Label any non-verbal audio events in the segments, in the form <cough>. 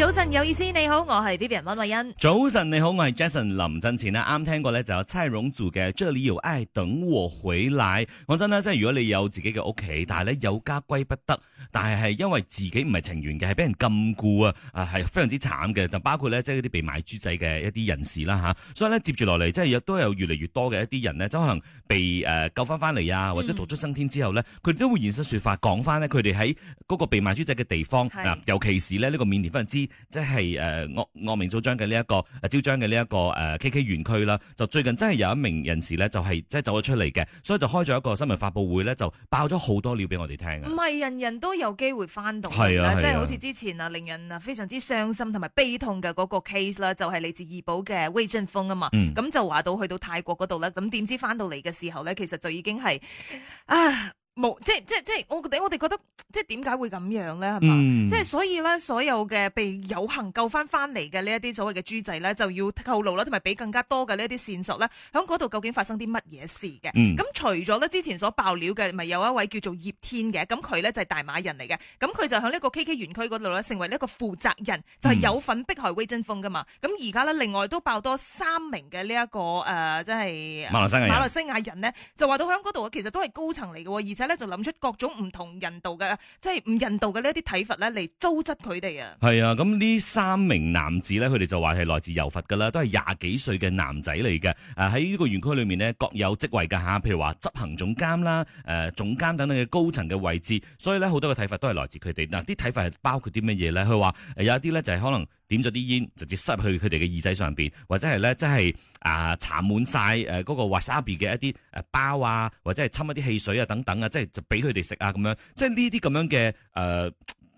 早晨有意思，你好，我係 B B 溫慧欣。早晨你好，我係 Jason 林振前咧，啱聽過咧就有蔡榮祖嘅《這裏有愛等我回來》。講真啦，即係如果你有自己嘅屋企，但係咧有家歸不得，但係係因為自己唔係情願嘅，係俾人禁錮啊，啊、呃、係非常之慘嘅，就包括咧即係嗰啲被賣豬仔嘅一啲人士啦吓、啊，所以咧接住落嚟即係亦都有越嚟越多嘅一啲人呢，即可能被誒、呃、救翻翻嚟啊，或者逃出生天之後呢，佢、嗯、哋都會現身說法講翻呢，佢哋喺嗰個被賣豬仔嘅地方啊，尤其是呢，呢、這個緬甸非常之。即係誒惡惡名昭彰嘅呢一個招張嘅呢一個誒、呃、K K 園區啦，就最近真係有一名人士咧就係即係走咗出嚟，嘅，所以就開咗一個新聞發佈會咧就爆咗好多料俾我哋聽，唔係人人都有機會翻到嚟嘅、啊啊，即係好似之前啊令人啊非常之傷心同埋悲痛嘅嗰個 case 啦，就係嚟自二寶嘅威 e i j 啊嘛，咁、嗯、就話到去到泰國嗰度咧，咁點知翻到嚟嘅時候咧，其實就已經係啊。冇，即係即係即係，我我哋覺得即係點解會咁樣咧，係嘛？即係、嗯、所以咧，所有嘅被有幸救翻翻嚟嘅呢一啲所謂嘅豬仔咧，就要透露啦，同埋俾更加多嘅呢一啲線索咧，響嗰度究竟發生啲乜嘢事嘅。咁、嗯、除咗咧之前所爆料嘅，咪有一位叫做葉天嘅，咁佢咧就係大馬人嚟嘅，咁佢就響呢個 K K 園區嗰度咧，成為呢一個負責人，就係、是、有份逼害威真風噶嘛。咁而家咧，另外都爆多三名嘅呢一個誒、呃，即係馬來西亞人，馬來西亞人咧就話到響嗰度其實都係高層嚟嘅，而且。就諗出各種唔同人道嘅，即係唔人道嘅呢一啲體罰咧，嚟糟質佢哋啊！係啊，咁呢三名男子咧，佢哋就話係來自遊佛㗎喇，都係廿幾歲嘅男仔嚟嘅。誒喺呢個園區裏面呢，各有職位㗎吓，譬如話執行總監啦、誒、呃、總監等等嘅高層嘅位置，所以咧好多嘅體罰都係來自佢哋嗱。啲體罰係包括啲乜嘢咧？佢話有一啲咧就係可能點咗啲煙，就直接塞去佢哋嘅耳仔上邊，或者係咧即係。就是啊！搽滿晒誒嗰個 wasabi 嘅一啲誒包啊，或者係摻一啲汽水啊等等啊，即係就俾佢哋食啊咁樣，即係呢啲咁樣嘅誒、呃，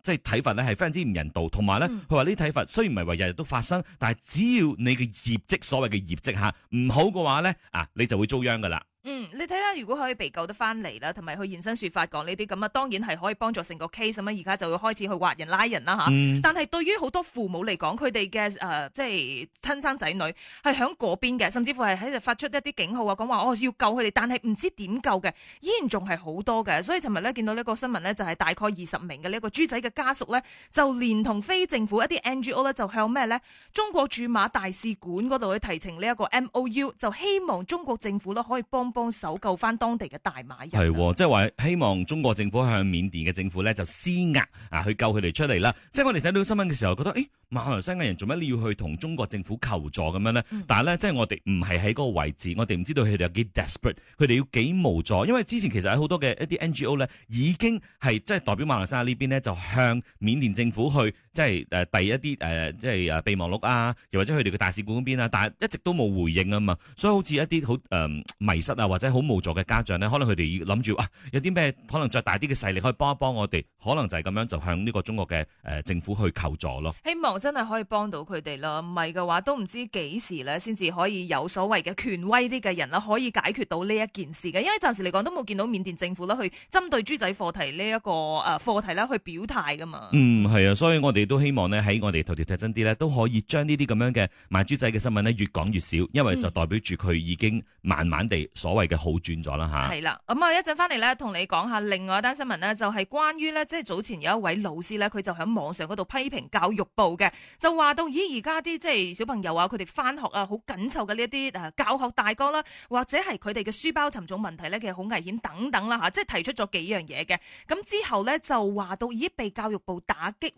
即係睇法咧係非常之唔人道，同埋咧佢話呢啲睇、嗯、法雖然唔係話日日都發生，但係只要你嘅業績所謂嘅業績嚇唔好嘅話咧啊，你就會遭殃噶啦。嗯，你睇下，如果可以被救得翻嚟啦，同埋去現身說法講呢啲咁啊，當然係可以幫助成個 case 咁樣，而家就會開始去挖人拉人啦吓，嗯。但係對於好多父母嚟講，佢哋嘅誒，即係親生仔女係喺嗰邊嘅，甚至乎係喺度發出一啲警號啊，講話哦要救佢哋，但係唔知點救嘅，依然仲係好多嘅。所以尋日咧見到呢個新聞咧，就係大概二十名嘅呢個豬仔嘅家屬咧，就連同非政府一啲 NGO 咧，就向咩咧中國駐馬大使館嗰度去提請呢一個 MOU，就希望中國政府咧可以幫。幫手救翻當地嘅大馬人，啊，係即係話希望中國政府向緬甸嘅政府咧就施壓啊，去救佢哋出嚟啦。即係我哋睇到新聞嘅時候覺得，哎。馬來西亞人做乜你要去同中國政府求助咁樣呢？嗯、但係咧，即係我哋唔係喺嗰個位置，我哋唔知道佢哋有幾 desperate，佢哋要幾無助。因為之前其實有好多嘅一啲 NGO 咧，已經係即係代表馬來西亞呢邊呢，就向緬甸政府去即係誒遞一啲誒、呃、即係誒備忘錄啊，又或者佢哋嘅大使館嗰邊啊，但係一直都冇回應啊嘛。所以好似一啲好誒迷失啊，或者好無助嘅家長呢，可能佢哋諗住哇，有啲咩可能再大啲嘅勢力可以幫一幫我哋，可能就係咁樣就向呢個中國嘅誒、呃、政府去求助咯。希望。真係可以幫到佢哋啦，唔係嘅話都唔知幾時咧，先至可以有所謂嘅權威啲嘅人啦，可以解決到呢一件事嘅。因為暫時嚟講都冇見到緬甸政府啦，去針對豬仔課題呢一個誒課題啦，去表態㗎嘛。嗯，係啊，所以我哋都希望呢喺我哋頭條睇真啲咧，都可以將呢啲咁樣嘅賣豬仔嘅新聞咧越講越少，因為就代表住佢已經慢慢地所謂嘅好轉咗啦吓。係、嗯、啦，咁啊一陣翻嚟咧，同你講下另外一單新聞呢，就係關於呢，即係早前有一位老師呢，佢就喺網上嗰度批評教育部嘅。就話到咦，而家啲即係小朋友啊，佢哋翻學啊，好緊湊嘅呢一啲誒教學大綱啦、啊，或者係佢哋嘅書包沉重問題咧，其實好危險等等啦、啊、吓、啊，即係提出咗幾樣嘢嘅。咁、嗯、之後咧就話到咦，被教育部打擊、啊，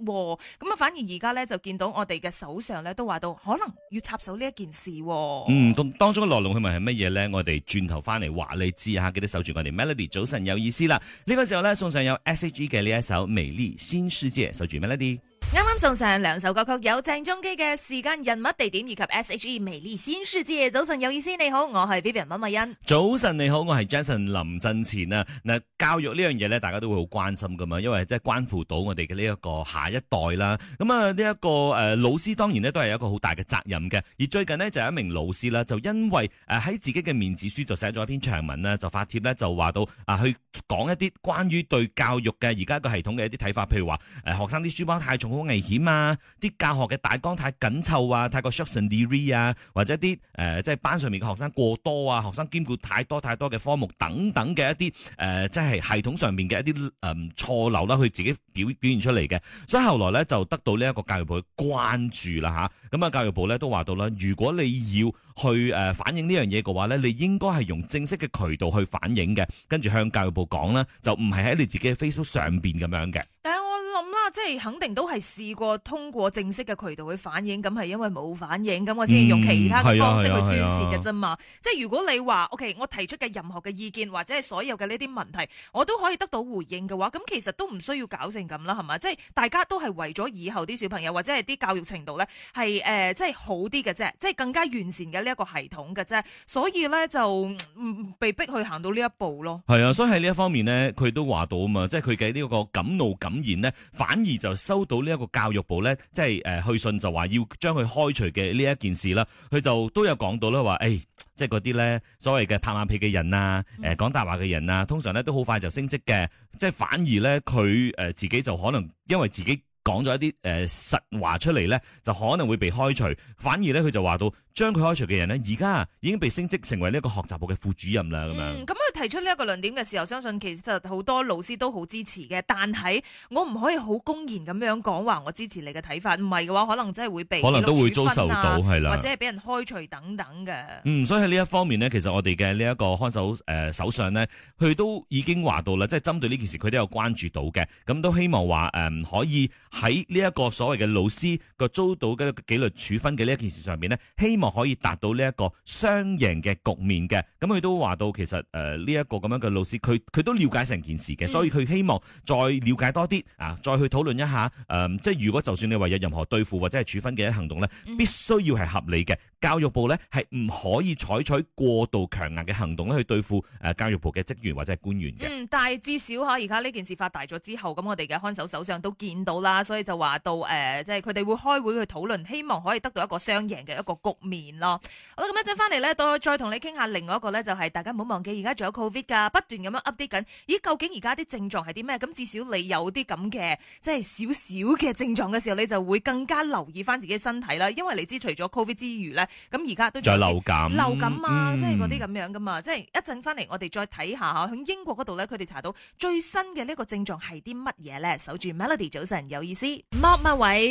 咁、嗯、啊反而而家咧就見到我哋嘅首相咧都話到可能要插手呢一件事、啊。嗯，咁當中嘅內容係咪係乜嘢咧？我哋轉頭翻嚟話你知吓，記得守住我哋 Melody 早晨有意思啦。呢、這個時候咧送上由 S H E 嘅呢一首《美麗新世界》，守住 Melody。啱啱送上兩首歌曲，有鄭中基嘅《時間、人物、地點》以及 S.H.E《美麗先師之夜》。早晨有意思，你好，我係 Vivian 溫美欣。早晨你好，我係 Jason 林振前啊！嗱，教育呢樣嘢咧，大家都會好關心噶嘛，因為即係關乎到我哋嘅呢一個下一代啦。咁、這、啊、個，呢一個誒老師當然咧都係一個好大嘅責任嘅。而最近呢，就有一名老師啦，就因為誒喺自己嘅面子書就寫咗一篇長文啦，就發帖咧就話到啊，去講一啲關於對教育嘅而家個系統嘅一啲睇法，譬如話誒、呃、學生啲書包太重。危險啊！啲教學嘅大綱太緊湊啊，太過 short and eerie 啊，或者啲誒，即、呃、係、就是、班上面嘅學生過多啊，學生兼顧太多太多嘅科目等等嘅一啲誒，即、呃、係、就是、系統上面嘅一啲誒錯漏啦，佢、嗯啊、自己表表現出嚟嘅。所以後來咧就得到呢一個教育部嘅關注啦吓。咁啊、嗯，教育部咧都話到啦，如果你要去誒、呃、反映呢樣嘢嘅話咧，你應該係用正式嘅渠道去反映嘅，跟住向教育部講啦，就唔係喺你自己嘅 Facebook 上邊咁樣嘅。即係肯定都係試過通過正式嘅渠道去反映，咁係因為冇反應，咁我先用其他嘅方式去宣洩嘅啫嘛。即、嗯、係、啊啊啊、如果你話，OK，我提出嘅任何嘅意見或者係所有嘅呢啲問題，我都可以得到回應嘅話，咁其實都唔需要搞成咁啦，係嘛？即係大家都係為咗以後啲小朋友或者係啲教育程度咧，係、呃、誒、即、就、係、是、好啲嘅啫，即、就、係、是、更加完善嘅呢一個系統嘅啫。所以咧就唔被逼去行到呢一步咯。係啊，所以喺呢一方面呢，佢都話到啊嘛，即係佢嘅呢個敢怒敢言呢。反反而就收到呢一個教育部咧，即係誒去信就話要將佢開除嘅呢一件事啦。佢就都有講到啦，話、哎、誒，即係嗰啲咧所謂嘅拍馬屁嘅人啊，誒講大話嘅人啊，通常咧都好快就升職嘅，即係反而咧佢誒自己就可能因為自己。講咗一啲誒、呃、實話出嚟咧，就可能會被開除。反而咧，佢就話到將佢開除嘅人咧，而家已經被升職成為呢一個學習部嘅副主任啦。咁、嗯、樣。咁佢提出呢一個論點嘅時候，相信其實好多老師都好支持嘅。但係我唔可以好公然咁樣講話我支持你嘅睇法。唔係嘅話，可能真係會被可能都會遭受到，係啦、啊，或者係俾人開除等等嘅。嗯，所以喺呢一方面呢，其實我哋嘅呢一個看守誒、呃、首相呢，佢都已經話到啦，即係針對呢件事，佢都有關注到嘅。咁都希望話誒、呃、可以。喺呢一個所謂嘅老師個遭到嘅紀律處分嘅呢一件事上面呢，呢希望可以達到呢一個雙贏嘅局面嘅。咁佢都話到其實誒呢一個咁樣嘅老師，佢佢都了解成件事嘅，所以佢希望再了解多啲啊，再去討論一下誒、呃，即係如果就算你話有任何對付或者係處分嘅一行動呢，必須要係合理嘅。教育部呢係唔可以採取過度強硬嘅行動去對付誒、呃、教育部嘅職員或者係官員嘅、嗯。但係至少嚇而家呢件事發大咗之後，咁我哋嘅看守首相都見到啦。所以就話到誒，即係佢哋會開會去討論，希望可以得到一個雙贏嘅一個局面咯。好啦，咁一陣翻嚟，咧，再再同你傾下另外一個咧，就係、是、大家唔好忘記而家仲有 Covid 噶，不斷咁樣 update 緊。咦，究竟而家啲症狀係啲咩？咁至少你有啲咁嘅，即係少少嘅症狀嘅時候，你就會更加留意翻自己身體啦。因為你知除咗 Covid 之餘咧，咁而家都仲有流感、流感啊，即係嗰啲咁樣噶嘛。即係一陣翻嚟，我哋再睇下吓，喺英國嗰度咧，佢哋查到最新嘅呢個症狀係啲乜嘢咧？守住 Melody 早晨，有意思，莫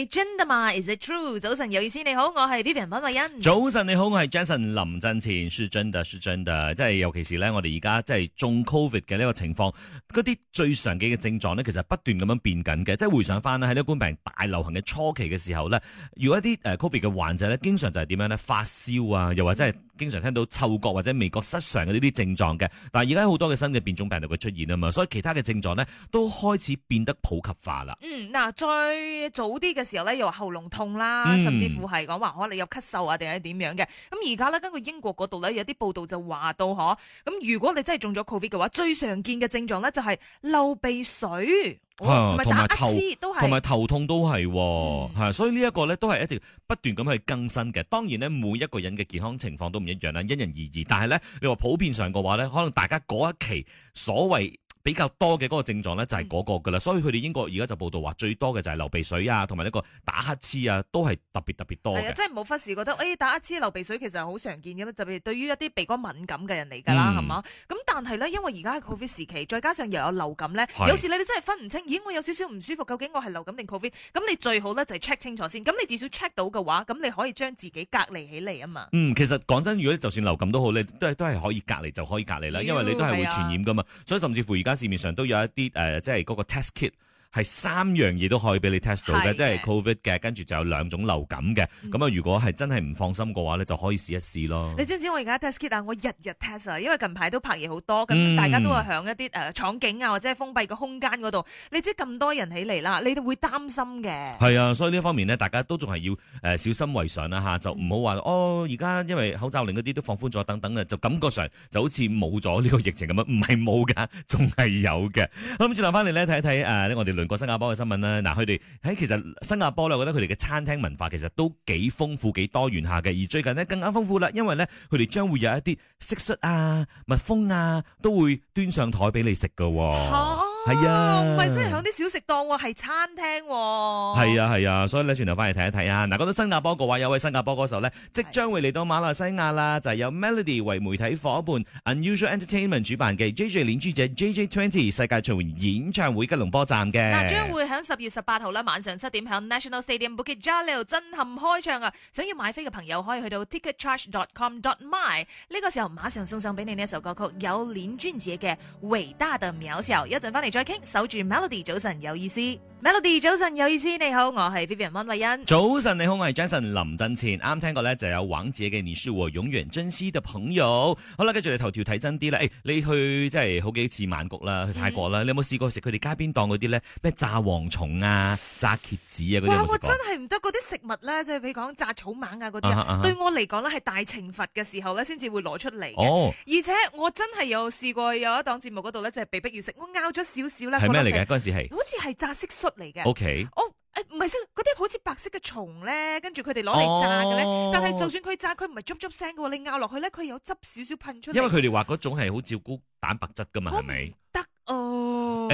真 Is it true？早晨有意思，你好，我係 Vivian 潘慧欣。早晨你好，我係 Jason 林振前。是真的是真的，即係尤其是咧，我哋而家即係中 Covid 嘅呢個情況，嗰啲最常見嘅症狀咧，其實不斷咁樣變緊嘅。即係回想翻咧，喺呢個冠病大流行嘅初期嘅時候咧，如果一啲誒 Covid 嘅患者咧，經常就係點樣咧？發燒啊，又或者係、mm-hmm.。經常聽到嗅覺或者味覺失常嘅呢啲症狀嘅，但係而家好多嘅新嘅變種病毒會出現啊嘛，所以其他嘅症狀咧都開始變得普及化啦。嗯，嗱，最早啲嘅時候咧，又話喉嚨痛啦，甚至乎係講話可能你有咳嗽啊，定係點樣嘅。咁而家咧，根據英國嗰度咧有啲報道就話到，嗬，咁如果你真係中咗 Covid 嘅話，最常見嘅症狀咧就係流鼻水。同、哦、埋頭，同埋頭痛都係，係、嗯，所以呢一個呢都係一條不斷咁去更新嘅。當然呢，每一個人嘅健康情況都唔一樣啦，因人而異。但係呢，你話普遍上嘅話呢，可能大家嗰一期所謂。比較多嘅嗰個症狀咧就係嗰個㗎啦，所以佢哋英國而家就報道話最多嘅就係流鼻水啊，同埋呢個打乞嗤啊，都係特別特別多嘅。啊，真係冇忽視，覺得誒、哎、打乞嗤、流鼻水其實好常見嘅，特別對於一啲鼻哥敏感嘅人嚟㗎啦，係、嗯、嘛？咁但係咧，因為而家係 Covid 時期，再加上又有流感咧，有時咧你真係分唔清，已、哎、咦我有少少唔舒服，究竟我係流感定 Covid？咁你最好咧就係、是、check 清楚先。咁你至少 check 到嘅話，咁你可以將自己隔離起嚟啊嘛。嗯，其實講真，如果你就算流感都好，你都係都係可以隔離就可以隔離啦，因為你都係會傳染㗎嘛。嗯啊、所以甚至乎而家。市面上都有一啲誒即係嗰個 test kit。係三樣嘢都可以俾你 test 到嘅，即係 covid 嘅，跟住就有兩種流感嘅。咁、嗯、啊，如果係真係唔放心嘅話咧，就可以試一試咯。你知唔知我而家 test kit 啊？我日日 test 啊，因為近排都拍嘢好多，咁大家都係響一啲誒廠景啊，或者係封閉嘅空間嗰度、嗯，你知咁多人起嚟啦，你都會擔心嘅。係啊，所以呢方面呢，大家都仲係要誒小心為上啦嚇，就唔好話哦，而家因為口罩令嗰啲都放寬咗等等就感覺上就好似冇咗呢個疫情咁樣，唔係冇噶，仲係有嘅。咁轉頭翻嚟睇睇我哋。個新加坡嘅新聞啦，嗱，佢哋喺其實新加坡咧，我覺得佢哋嘅餐廳文化其實都幾豐富、幾多元下嘅，而最近呢，更加豐富啦，因為咧佢哋將會有一啲蟋蟀啊、蜜蜂啊，都會端上台俾你食噶。啊係、哦、啊，唔係即係響啲小食檔，係餐廳、哦。係啊係啊，所以咧轉頭翻嚟睇一睇啊！嗱，講到新加坡嘅話，有位新加坡歌手咧，即將會嚟到馬來西亞啦，就係、是、由 Melody 為媒體伙伴 Unusual Entertainment 主辦嘅 JJ 林俊傑 JJ Twenty 世界巡回演唱會吉隆坡站嘅。嗱、啊，將會響十月十八號啦，晚上七點響 National Stadium Bukit Jalil 震撼開唱啊！想要買飛嘅朋友可以去到 ticketcharge.com.my 呢、這個時候馬上送上俾你呢一首歌曲，有林俊傑嘅《偉大的渺小》，一陣翻嚟。再傾，守住 melody。早晨有意思。Melody 早晨有意思，你好，我係 Vivian 溫慧欣。早晨你好，我係 Jason 林振前。啱聽過咧，就有王傑嘅《你是我永遠珍惜的朋友》好。好啦，跟住嚟頭條睇真啲啦。你去即係好幾次曼谷啦，去泰國啦，嗯、你有冇試過食佢哋街邊檔嗰啲咧？咩炸蝗蟲啊，炸蠍子啊嗰啲。我真係唔得嗰啲食物咧，即係譬如講炸草蜢啊嗰啲，uh-huh, uh-huh. 對我嚟講咧係大懲罰嘅時候咧，先至會攞出嚟。而且我真係有試過有一檔節目嗰度咧，就係被逼要食，我拗咗少少啦。係咩嚟嘅？嗰陣時係。好似係炸蟋蟀。嚟、okay. 嘅、oh, 哎，誒唔係，嗰啲好似白色嘅蟲咧，跟住佢哋攞嚟炸嘅咧，oh. 但係就算佢炸，佢唔係啾啾聲嘅喎，你咬落去咧，佢有汁少少噴出嚟。因為佢哋話嗰種係好照顧蛋白質噶嘛，係咪？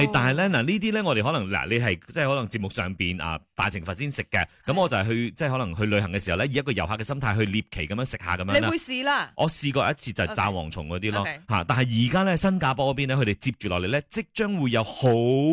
係，但係咧，嗱呢啲咧，我哋可能嗱，你係即係可能節目上邊啊，大懲罰先食嘅，咁我就係去即係可能去旅行嘅時候咧，以一個遊客嘅心態去獵奇咁樣食下咁樣，你會試啦？我試過一次就炸蝗蟲嗰啲咯，okay. 但係而家咧，新加坡嗰邊咧，佢哋接住落嚟咧，即將會有好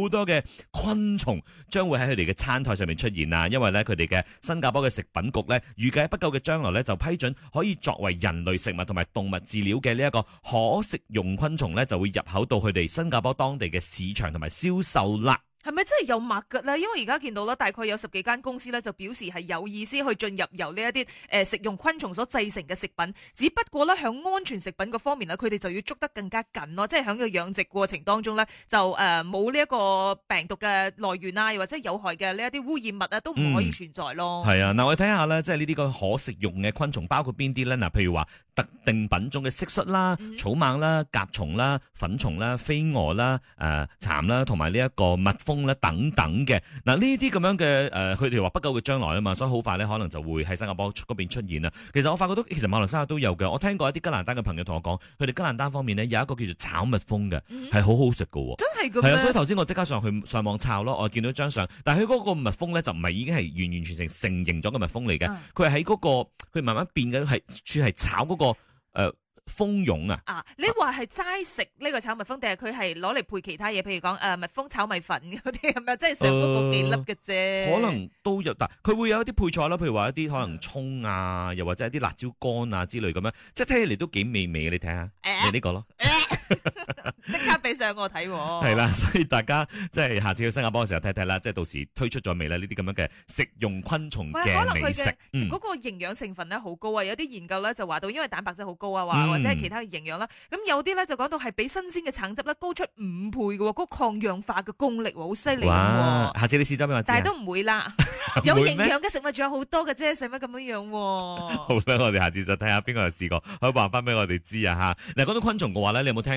多嘅昆蟲將會喺佢哋嘅餐台上面出現啊！因為咧，佢哋嘅新加坡嘅食品局咧，預計不久嘅將來咧，就批准可以作為人類食物同埋動物飼料嘅呢一個可食用昆蟲咧，就會入口到佢哋新加坡當地嘅市場。同埋銷售啦。係咪真係有脈嘅咧？因為而家見到咧，大概有十幾間公司咧，就表示係有意思去進入由呢一啲誒食用昆蟲所製成嘅食品。只不過咧，響安全食品嘅方面咧，佢哋就要捉得更加緊咯。即係響個養殖過程當中咧，就誒冇呢一個病毒嘅來源啊，又或者有害嘅呢一啲污染物啊，都唔可以存在咯。係、嗯、啊，嗱我哋睇下咧，即係呢啲個可食用嘅昆蟲包括邊啲咧？嗱，譬如話特定品種嘅蟋蟀啦、草蜢啦、甲蟲啦、粉蟲啦、飛蛾啦、誒蠶啦，同埋呢一個蜜蜂。咧等等嘅嗱，呢啲咁樣嘅誒，佢哋話不久嘅將來啊嘛，所以好快咧，可能就會喺新加坡出嗰邊出現啦。其實我發覺到，其實馬來西亞都有嘅，我聽過一啲吉蘭丹嘅朋友同我講，佢哋吉蘭丹方面咧有一個叫做炒蜜蜂嘅，係、嗯、好好食嘅喎，真係嘅。係啊，所以頭先我即刻上去上網查咯，我見到張相，但係佢嗰個蜜蜂咧就唔係已經係完完全成成形咗嘅蜜蜂嚟嘅，佢喺嗰個佢慢慢變緊係處係炒嗰、那個、呃蜂蛹啊！啊，你話係齋食呢個炒蜜蜂，定係佢係攞嚟配其他嘢？譬如講，誒，蜜蜂炒米粉嗰啲咁啊，即係上嗰個幾粒嘅啫，呃。可能都有，但佢會有一啲配菜啦，譬如話一啲可能蔥啊，又或者一啲辣椒乾啊之類咁樣，即係聽起嚟都幾美味嘅。你睇下，呃，你呢個咯。呃即 <laughs> 刻俾相我睇，係 <laughs> 啦，所以大家即係下次去新加坡嘅時候睇睇啦，即係到時推出咗未啦？呢啲咁樣嘅食用昆蟲可能佢嗯，嗰、嗰個營養成分咧好高啊！有啲研究咧就話到，因為蛋白質好高啊，或者係其他嘅營養啦。咁、嗯、有啲咧就講到係比新鮮嘅橙汁咧高出五倍嘅，嗰、嗰個抗氧化嘅功力好犀利。哇！下次你試咗俾我知啊，但係都唔會啦， <laughs> 有營養嘅食物仲有多 <laughs> 好多嘅啫，使乜咁樣樣？好啦，我哋下次就睇下邊個又試過，可以話翻俾我哋知啊吓。嗱，講到昆蟲嘅話咧，你有冇聽？